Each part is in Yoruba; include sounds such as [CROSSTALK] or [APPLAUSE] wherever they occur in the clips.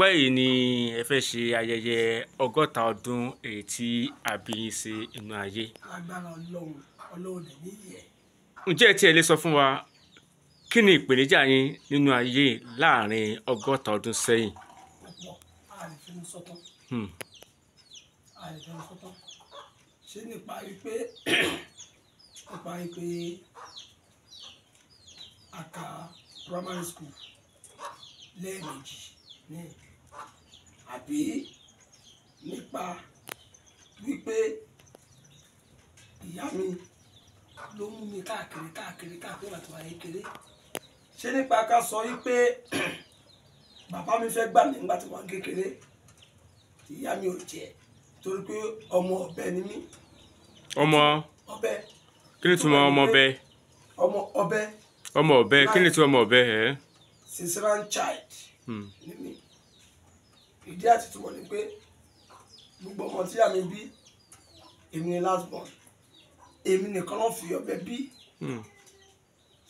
láìpẹ́ yìí ni ẹ fẹ́ ṣe ayẹyẹ ọgọ́ta ọdún èyí tí àbíyín ṣe inú ayé. agbára ọlọ́run ọlọ́run lè ní ìyẹn. ǹjẹ́ ẹ tiẹ̀ lè sọ fún wa kí ni ìpèníjà yín nínú ayé láàrin ọgọ́ta ọdún sẹ́yìn. ọ̀pọ̀ àìfẹnu sọ́tọ̀ àìfẹnu hmm. sọ́tọ̀ ṣé nípa wípé nípa wípé àkà primary school lẹ́ẹ̀mejì ní ìlú àbí nípa wípé ìyá mi ló mú mi káàkiri káàkiri káàkiri àti wàá kékeré ṣé nípa ká sọ wípé [CLEARS THROAT] bàbá mi fẹ́ gbà mí nígbà tí wọ́n kékeré ìyá mi ò jẹ́ torí pé ọmọ ọ̀bẹ ni mí. ọmọ ọ̀bẹ. kí ni tún ọmọ ọ̀bẹ. ọmọ ọ̀bẹ. ọmọ ọ̀bẹ kí ni tún ọmọ ọ̀bẹ. sincerely child hmm. ni mí ìdí àti túmọ̀ ni pé gbogbo ọmọ tí àmì bí èmi ni last born èmi nìkan ló fi ọ̀bẹ bí hmm.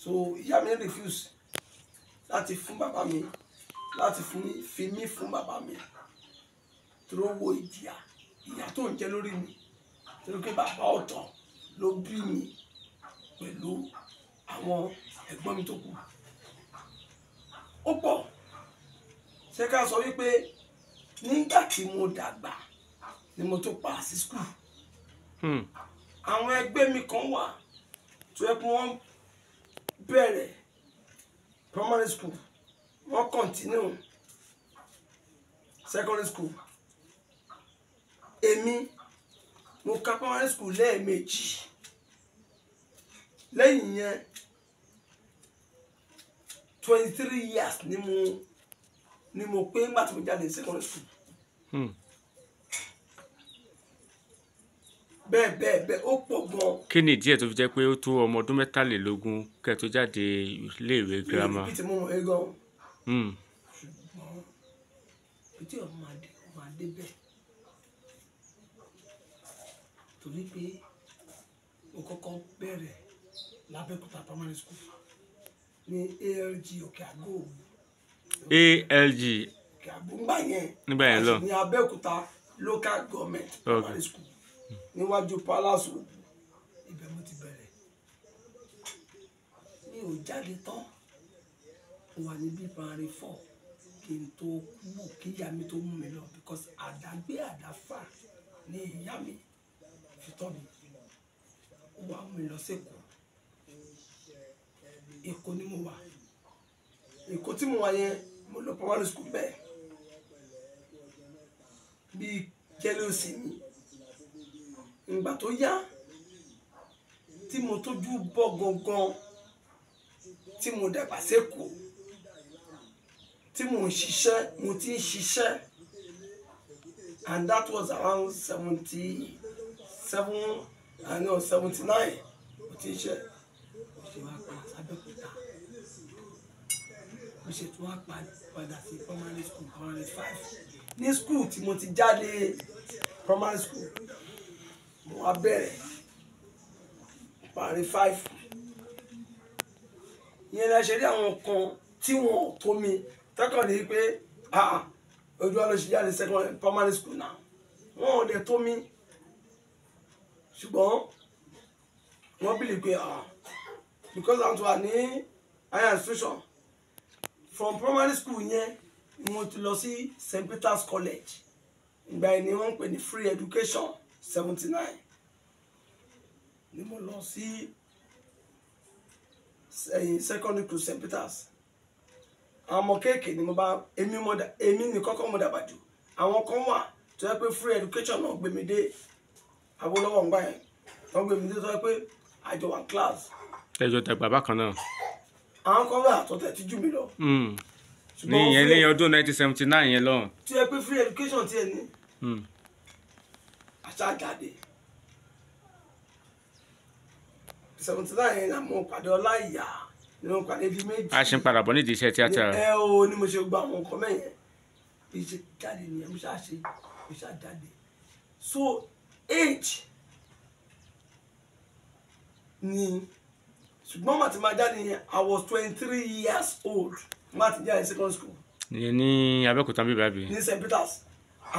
so ìyá mi refuse láti fún bàbá mi láti fi mí fún bàbá mi torí ó wo ìjìyà ìyà tó ń jẹ lórí mi torí pé bàbá ọ̀tọ̀ ló bí mi pẹ̀lú àwọn ẹ̀gbọ́n mi tó kù ó pọ̀ ṣé ká sọ wípé nígbà tí mo dàgbà ni mo tó padà sí skul hmm. àwọn ẹgbẹ́ mi kan wà tó yẹ kí wọ́n bẹ̀rẹ̀ primary school wọ́n continue secondary school èmi mo ka primary school lẹ́ẹ̀mejì lẹ́yìn yẹn twenty three years ni mo ni mo pé ńgbà tí mo jáde secondary school. Hmm. bẹ́ẹ̀ bẹ́ẹ̀ bẹ́ẹ̀ ó pọ̀ gan. kí ni ìdí ẹ̀ tó fi jẹ́ pé ó tó ọmọ ọdún mẹ́tàlélógún kẹ́ tó jáde iléèwé girama. mi ò tí mo mọ̀ gan. Hmm. ṣùgbọ́n ètò ọmọ adé ọmọ adé bẹ́ẹ̀ torí pé mo kọ́kọ́ bẹ̀rẹ̀ l'Abẹ́òkúta primary school ní ALG òkè àgọ́ òògùn alg nígbà yẹn nígbà yẹn lọ ní abẹ́òkúta local government primary school níwájú palace road ibẹ̀ mo ti bẹ̀rẹ̀ mi ò jáde tán mo wà níbí primary four kí n tó kú kí ìyá mi tó mú mi lọ because àdágbé àdáfà ni ìyá mi fi tọ́ mi ó wà mú mi lọ sí Èkó Èkó ni mo wà èkó tí mo wà yẹn mo lọ primary school bẹ́ẹ̀ bíi jẹ́lẹ́ òsì mi ìgbà tó yá tí mo tójú bọ́ gangan tí mo dàgbà sẹ́kọ̀ọ́ tí mo ń ṣiṣẹ́ mo ti ń ṣiṣẹ́ and that was around seventy seven I know seventy nine mo ti ń ṣiṣẹ́. mo ṣe tún wá padà sí primary school primary five ní school tí mo ti jáde primary school mo wá bẹ̀rẹ̀ primary five ìyẹn la ṣe rí àwọn kan tí wọn ò tó mi tọkàn ní pé ojú wa ló ṣe jáde secondary primary school náà wọn ò dẹ̀ tó mi ṣùgbọ́n wọ́n bìlì pé because àwọn tó wà ní higher institution from primary school yẹn ni mo ti lọ sí st peters college ìgbà yẹn ni wọ́n ń pè ní free education seventy nine ni mo lọ sí eh, secondary school st peters àwọn ọmọ kéèké ni mo bá èmi mo dà èmi ní kọ́kọ́ mo dàgbà jù àwọn kan wà tó yẹ pé free education náà gbèmí dé Awólọ́wọ̀ ńgbà yẹn wọ́n gbèmí dé tó yẹ pé àjọ one class. ẹjọ dàgbà bákan náà àwọn kan wà tó tẹ̀ tíjú mi lọ. Hmm. ní ìyẹn ní ọdún nineteen seventy nine yẹn lọ́hùn. tí ẹ pé free education tiẹ̀ ní. Hmm. àṣà jáde seventy nine yẹn la mọ pàdé ọlá ìyá ni mo pàdé di méjì. a ṣe ń padà bọ̀ nídìí iṣẹ́ tíátà. ẹ o ni mo ṣe gba àwọn nǹkan mẹ́yẹn bí ṣe jáde nìyẹn mo ṣáà ṣe mo ṣáà jáde so age ni ṣùgbọ́n màtí máa jáde yẹn i was twenty three years old màtí jáde second school. ìyẹn ní abẹ́òkúta bíbá bi. ní st peters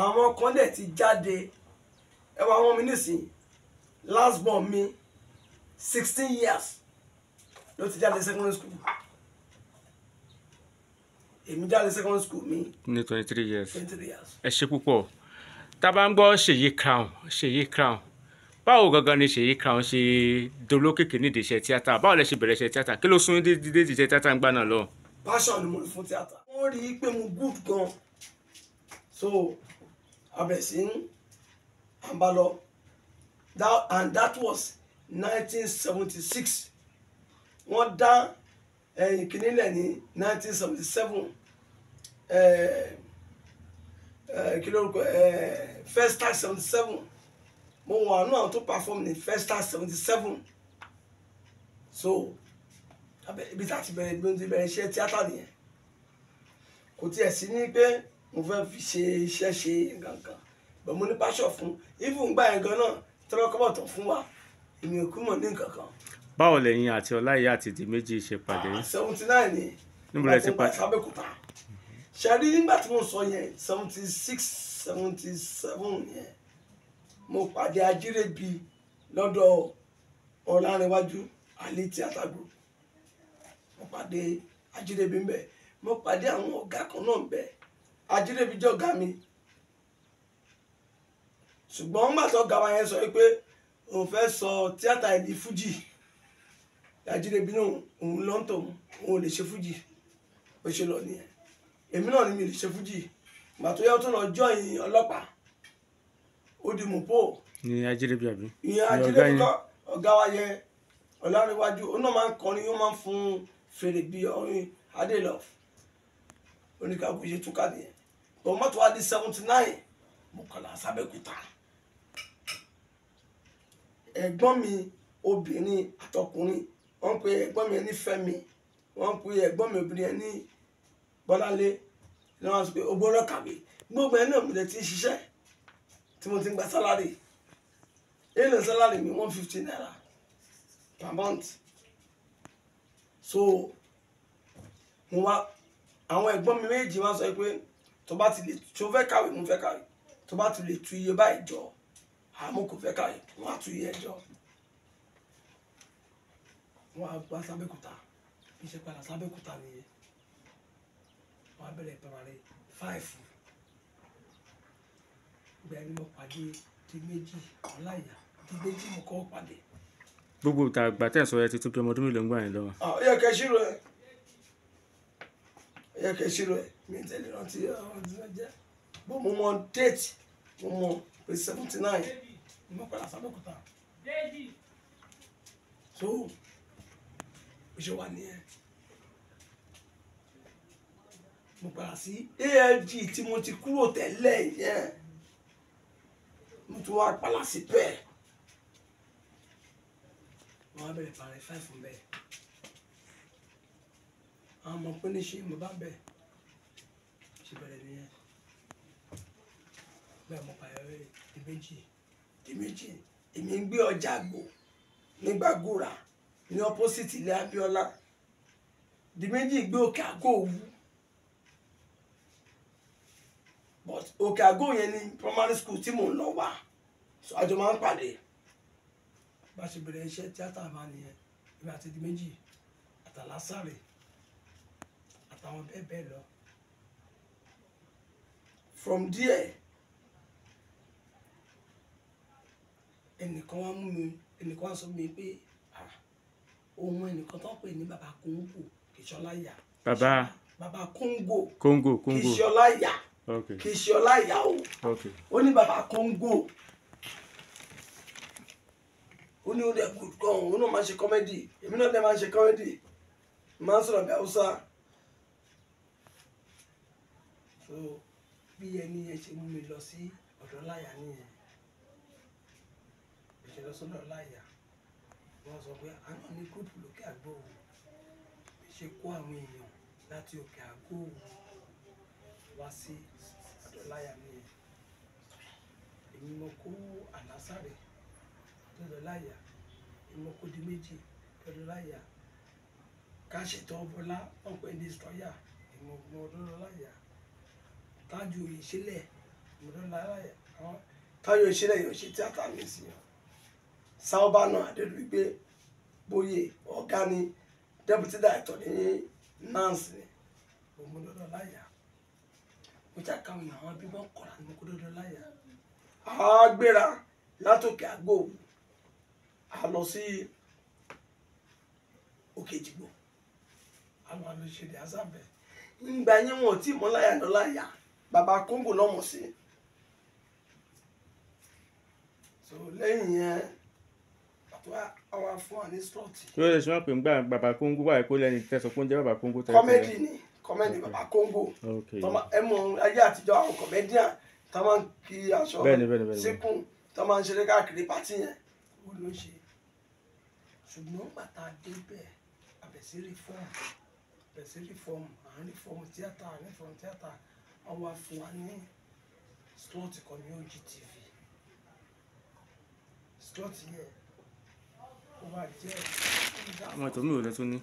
àwọn kan dẹ̀ ti jáde ẹ wá wọn mi nísìnyí last born mi sixteen years ló ti jáde secondary school èmi jáde secondary school mi. ní twenty three years ẹ ṣe púpọ̀ tá a bá ń gbọ́ ṣèyí crown ṣèyí crown báwo gangan ni Ṣèyí Crown ṣe dolókìkí nídìí iṣẹ́ tíátà báwo lẹ ṣe bẹ̀rẹ̀ iṣẹ́ tíátà kí ló sún yín dídé iṣẹ́ tíátà ń gbà náà lọ. passion ni mo ní fún tíátà wọ́n rí i pé mo good gan so abẹ̀ sí ń àbálọ and that was 1976 wọ́n dá ẹ̀yìn kìnìlẹ̀ ní 1977 kí lórúkọ first tax 77 mo wà nù àwọn tó perform ní first star seventy seven so ibi tá a ti bẹ̀rẹ̀ gbóhùn ti bẹ̀rẹ̀ iṣẹ́ tíátà nìyẹn kò tiẹ̀ sí ní pé mo fẹ́ fi ṣe iṣẹ́ ṣe gangan bẹ̀ mo ní pásọ̀ fún even gbà yẹn gan náà tọ́lọ́ kọ́bọ̀ tán fún wa èmi ò kú mọ̀ ní nǹkan kan. báwo lẹ́yìn àti ọláyé àti di méjì ṣe pàdé. Ah, seventy nine ni níbo lẹ ti pàdé sábẹ́kúta ṣe rí nígbà tí mo sọ yẹn seventy six seventy seven yẹn mo pàdé ajírèbí lọ́dọ̀ ọ̀làrẹ̀wájú àlè tíátà group mo pàdé ajírèbí ń bẹ mo pàdé àwọn ọ̀gá kan náà ń bẹ ajírèbí jọ̀gá mi ṣùgbọ́n wọ́n bàtọ́ gàwa yẹn sọ pé òun fẹ́ sọ tíátà ẹ̀ di fújì ajírèbí náà òun lọ́ńtọ̀ òun ò lè ṣe fújì bó ṣe lọ nìyẹn èmi náà ni mi lè ṣe fújì gbà tó yẹ tó lọ ọlọ́pàá ó di mú pò. ní ajínigbé àbí. ìyẹn ajínigbé kọ ọ̀gá wa yẹn ọ̀làríwájú ó náà máa ń kọrin yóò máa ń fún fèrè bíi orin adélọ oníkàkú yìí túká nìyẹn tó mọ́tò wa di seventy nine Bùkọ́lá Sábẹ́kúta ẹ̀gbọ́n mi obìnrin àtọkùnrin wọ́n pe ẹ̀gbọ́n mi ẹni Fẹ́mi wọ́n pe ẹ̀gbọ́n mi obìnrin ẹni Bọ́lálé lọ́wọ́ sọ pé ogbó rẹ̀ kàwé gbogbo ẹ̀ náà mo lè ti ṣiṣẹ́ tí mo ti ń gba sálárì èlé sálárì mi one fifty naira per month so mo wá àwọn ẹ̀gbọ́n mi méjì wá sọ pé tó bá ti lè tó fẹ́ kàwé mo fẹ́ kàwé tó bá ti lè tu iye báyìí jọ àmọ́ kò fẹ́ kàwé wọ́n á tu iye jọ wọ́n á gba sábẹ́kúta iṣẹ́ padà sábẹ́kúta nìyẹn wọ́n á bẹ̀rẹ̀ primary five ìgbà ẹni mo pàdé ti méjì ọláìyá ti méjì mo kọ́ pàdé. gbogbo ìta àgbà tẹ̀ sọ ẹ ti tún pé ọmọ ọdún mélòó ń gbà yẹn lọ́wọ́. ó yẹ kẹ́ ṣírò ẹ ó yẹ kẹ́ ṣírò ẹ mi tẹ̀lé rántí ọ̀rọ̀ tí wọ́n jẹ́ bó mo mọ déètì mo mọ pé seventy nine mo padà sábẹ́kúta. so ṣe wà nìyẹn mo padà sí alg tí mo ti kúrò tẹ́lẹ̀ yẹn mutu wa kpalasi pẹ wọn abẹrẹ parí five fún bẹ́ẹ̀ àwọn ọmọ pé ní ṣe mo bá bẹ ṣe bẹ̀rẹ̀ nìyẹn gbé ọmọ pàyọrẹ ìbejì ìbejì èmi ń gbé ọjà gbò nígbàgùrà ní ọpọsìtì ilé Abíọ́lá ìbejì gbé òkè àgọ òwú. but òkè àgó yẹn ní primary school tí mò ń lọ wà so àjọ máa ń pàdé bá a ṣe bẹ̀rẹ̀ iṣẹ́ tíátà máa nìyẹn ìgbà àti di méjì àtàlásàrè àtàwọn bẹ́ẹ̀ bẹ́ẹ̀ lọ from there ẹnìkan wá mú mi ẹnìkan wá sọ mi pé ohun ẹnìkan tó ń pè ní baba kóńgò kìsọ́láyà. baba baba kóńgò kóńgò kóńgò kìsọ́láyà kì í ṣe ọlá ìyàwó ó ní bàbá kóńgò ó ní ó dẹ kú gan òun náà máa ṣe kọ́mẹ́dì èmi náà dẹ máa ṣe kọ́mẹ́dì máa ń sọ̀rọ̀ bí haúsá so bí ẹni yẹn ṣe mú mi lọ sí ọ̀dọ̀ láyà nìyẹn ìṣẹ̀ lọ sọ́dọ̀ láyà wọ́n sọ pé àná ní gúrúùpù lókè àgbò ṣe kó àwọn èèyàn láti òkè àgbò òun wá sí àdọ́láyà nìyẹn èmi mo kó àlásàrè àdọ́láyà èmi mo kó di méjì àdọ́láyà káṣetọ́ bọ́lá ọ̀pẹ́ ní sọ́yà èmi mo dọ́láyà tájú ìṣẹ̀lẹ̀ mo dọ́láyà tájú ìṣẹ̀lẹ̀ yóò ṣe tíátà mi sí i sáwọ́bà náà adédúgbé bóyè ọ̀gá ni dẹ́pútì dàìtọ̀ ní nánsì ni òun lọ́dọ̀ láyà kọjá káwọn èèyàn àwọn bíbọn kọra ní kódódó láyà á gbéra látòkè àgbo á lọ sí òkè ìdìbò àwọn àlọṣẹlẹ àzàbẹ ńgbà yẹn wọn ò tí mọ láyà lọ láyà bàbá kóńgò lọmọ sí so lẹ́yìn yẹn àwa fún wa ní slọọti. lórí ẹ̀sùn àpè ń gbà bàbá kóńgò wà kó lẹ́ni tẹ̀sán kó ń bàbá kóńgò tẹ̀sán. kọ́mẹ́dì ni kọ́mẹ́dì bàbá kóńgò ẹmu ayé àtijọ́ àwọn kọ́mẹ́díàn tó máa ń kí aṣọ síkùn tó máa ń ṣeré káàkiri pátì yẹn ó ló ṣe ṣùgbọ́n bàtà débẹ̀ àbẹ̀sí rìfọ́ọ̀mù àbẹ̀sí rìfọ́ọ̀mù à ń rìfọ́ọ̀mù tíátà à ń rìfọ́ọ̀mù tíátà wọ́n wá fún wa ní slot kan ní TV slot yẹn ó wá jẹ́ ìdáhùn. àwọn ìtọ́nú ò lẹ́tọ́ ní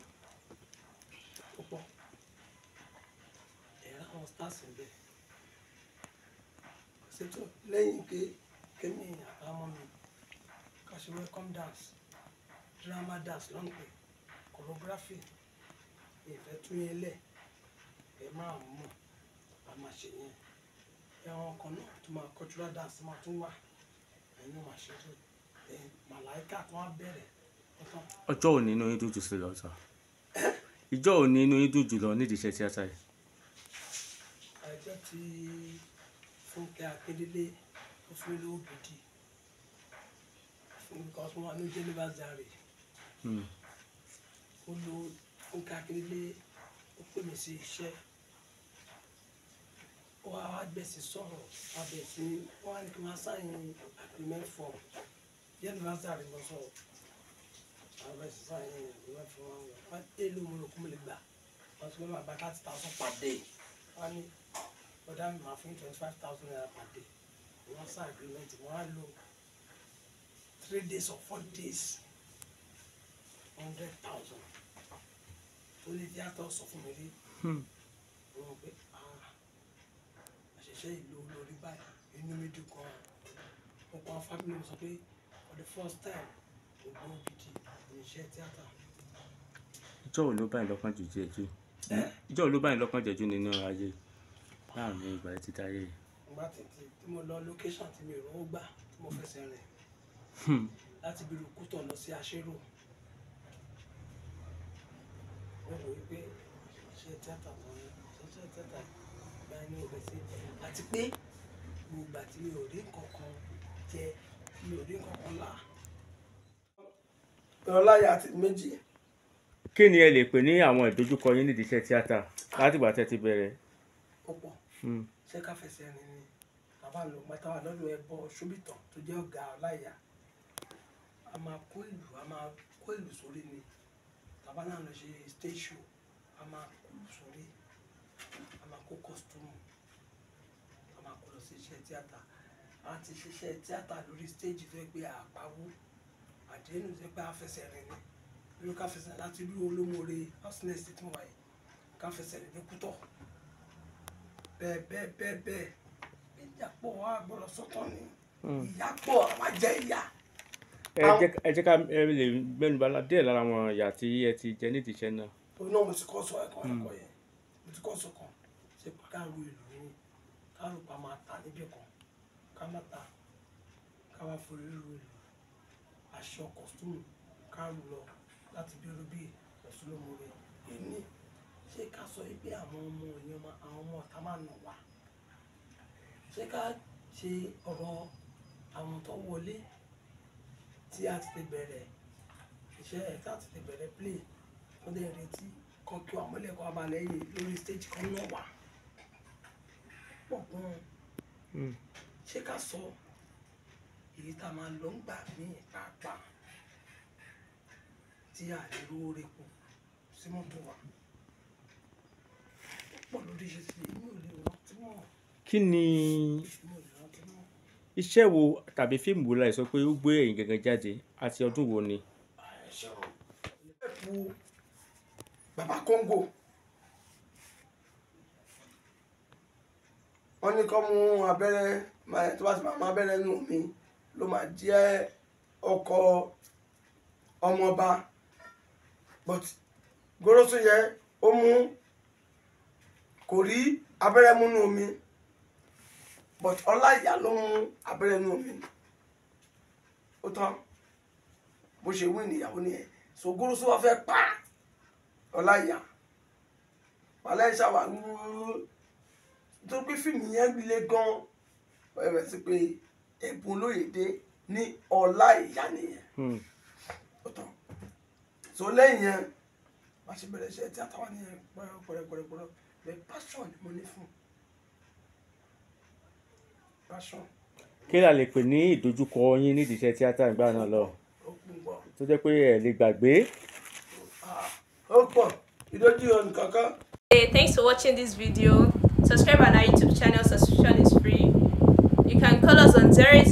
mustard síbẹ̀ ṣètò lẹ́yìn pé kémi àtàwọn mi kàṣe welcome dance drama dance ló ń pè choreography ìfẹ́ tún yẹn lẹ̀ ẹ máa mọ̀ a máa ṣe yẹn ẹran kan náà tó máa cultural dance máa tún wà ẹ̀yin ló máa ṣe tó ẹ màláìka tó wá bẹ̀rẹ̀ ọjọ́ òní inú yín dùn jù sí lọ́tọ̀ ìjọ òní inú yín dùn jù lọ nídìí iṣẹ́ tíátà yìí àjọ ti Fúnkẹ́ Akíndélé ó fún mi lówó gidi nǹkan tó wà ní Geneva Zare hmm. ó lo Fúnkẹ́ Akíndélé ó pè mí sí iṣẹ́ wá gbèsè sọ̀rọ̀ àbẹ̀sí wá ní kí wọ́n sáyìn agreement form Geneva Zare lọ sọ̀rọ̀ àbẹ̀sí sáyìn agreement form wọn wọ́n dé lóhun lókun lè gbà wọ́n ti gbé bàbá láti ta ọ̀sán pàdé wọ́n ní ọ̀dà mi máa fún twenty five thousand naira per day wọ́n sign agreement wọ́n á lo three days or four days hundred thousand tó lè jẹ́ àtọ̀ sọ fún mi rí wọ́n hmm. pé ah, àṣẹṣe ìlú olórí báyìí inú mi dùn kan mo kọ́ fábílì family, sọ pé for the first time we ògbó gidi iṣẹ́ tíátà. ìjọ́ wo ló bá ìlọ́kàn jù jẹ́jú? ìjọ́ wo ló bá ìlọ́kàn jẹ́jú nínú ayé? báwo ni ìgbà yẹn ti dáyé yìí. ìgbà tí mo lọ location tí mi ò rówó gbà tí mo fẹsẹ̀ rìn hmm. láti bí rukútọ̀ lọ sí aṣérò mo rò wípé ṣe tíátà tó ń ṣe tíátà gba ní ọbẹ̀ sí àti pé gbogbo àti mi ò rí nǹkan kan jẹ mi ò rí nǹkan kan là. ìrọ̀láyà àti méjì. kí ni ẹ lè pè ní àwọn ìdojúkọ yín nídìí iṣẹ́ tíátà látìgbà tẹ́ ti bẹ̀rẹ̀. ó Hmm. ṣé ká fẹsẹ̀ rìn ni bàbá lò gbàtà wà lọ́dọ̀ ẹbọ ṣóbìtàn tó jẹ́ ọ̀gá ọláìyá a máa kó ìlú a máa kó ìlú sórí ni bàbá náà lọ ṣe stage a máa kó ìlú sórí a máa kó kọ́sítúmù a máa kó lọ sí iṣẹ́ tíátà a ti ṣiṣẹ́ tíátà lórí stage tó yẹ pé àpawó àdéhùn tó yẹ pé a fẹsẹ̀ rìn ni bí ó ká fẹsẹ̀ láti bí olómore house nurse tí mo wáyé ká fẹsẹ̀ rìn ní kútọ̀ bẹ́ẹ̀ bẹ́ẹ̀ bẹ́ẹ̀ bẹ́ẹ̀ ìyàpọ̀ wọn á gbọ́dọ̀ sọ́tọ̀ ni hmm. ìyàpọ̀ àwọn jẹ́ ìyà. ẹ jẹ́ ká ẹ lè mẹ́nu bá díẹ̀ lára àwọn ìyà tí ẹ ti jẹ ní ìdíṣẹ́ náà. òun náà mo ti kọ́ sọ ẹ̀kọ́ ẹ̀kọ́ hmm. yẹn mo ti kọ́ sọ kan ṣe pé káàró ìlú ni káàró pa máa ta níbì kan ká má ta ká wá forí ríru ìlú aṣọ kọ̀sùmù káàró lọ láti bí olóbì ẹ̀sùn ló mú mi èmi ṣé ká sọ pé àwọn ọmọ èèyàn àwọn ọmọ ọ̀tá máa nà wá ṣé ká ṣe ọ̀rọ̀ àwọn tó wọlé tí a ti bẹ̀rẹ̀ iṣẹ́ ẹ̀ ti bẹ̀rẹ̀ play wọ́n dẹ̀ retí kan kí àwọn ẹlẹ́kọ̀ọ́ abalẹ̀ yìí lórí stage kan náà wà pọ̀ gan-an hmm. ṣé ká sọ èyí tá a máa lọ ń gbà ní pàápàá tí a lè rówó repo sí mọ́tò wa pọ̀ lóríṣiríṣi mi ò lè rántí wọn. kí ni iṣẹ́ wo tàbí fíìmù wo la sọ pé ó gbé ẹ̀yin gangan jáde àti ọdún wo ni. bàbá kóńgò wọ́n ní kọ́ mú abẹ́rẹ́ tó bá ti máa mú abẹ́rẹ́ nù mí ló máa jẹ́ ọkọ ọmọọba but goroso yẹ ó mú kò rí abẹ́rẹ́ múnú omi but ọláìyá ló mú abẹ́rẹ́ nú omi ó tán bó ṣe wí nìyàwó so sògúrúsù wá fẹ́ pa ọláìyá malaysia wà rúrúrú tó pé fíìmù yẹn le gan ẹ̀rẹ̀ sí pé ẹ̀bùn olóyèdè ní ọláìyá nìyẹn hmm. ó tán so lẹ́yìn yẹn wàá ṣe bẹ̀rẹ̀ iṣẹ́ tí a táwa nìyẹn pẹ́rẹ́pẹ́rẹ́pẹ́rẹ́ pé passion mo ní fún passion. kí la lè pè ní ìdojúkọ yín nídìí iṣẹ́ tíátà ìgbà náà lọ tó jẹ́ pé ẹ lè gbàgbé. ó pọ̀ ìdójú ọ̀nì kankan. Hey, thanks for watching this video. Subscribe on our YouTube channel, subscription is free. You can call us on 0080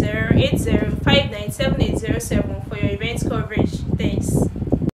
for your event coverage. Thanks.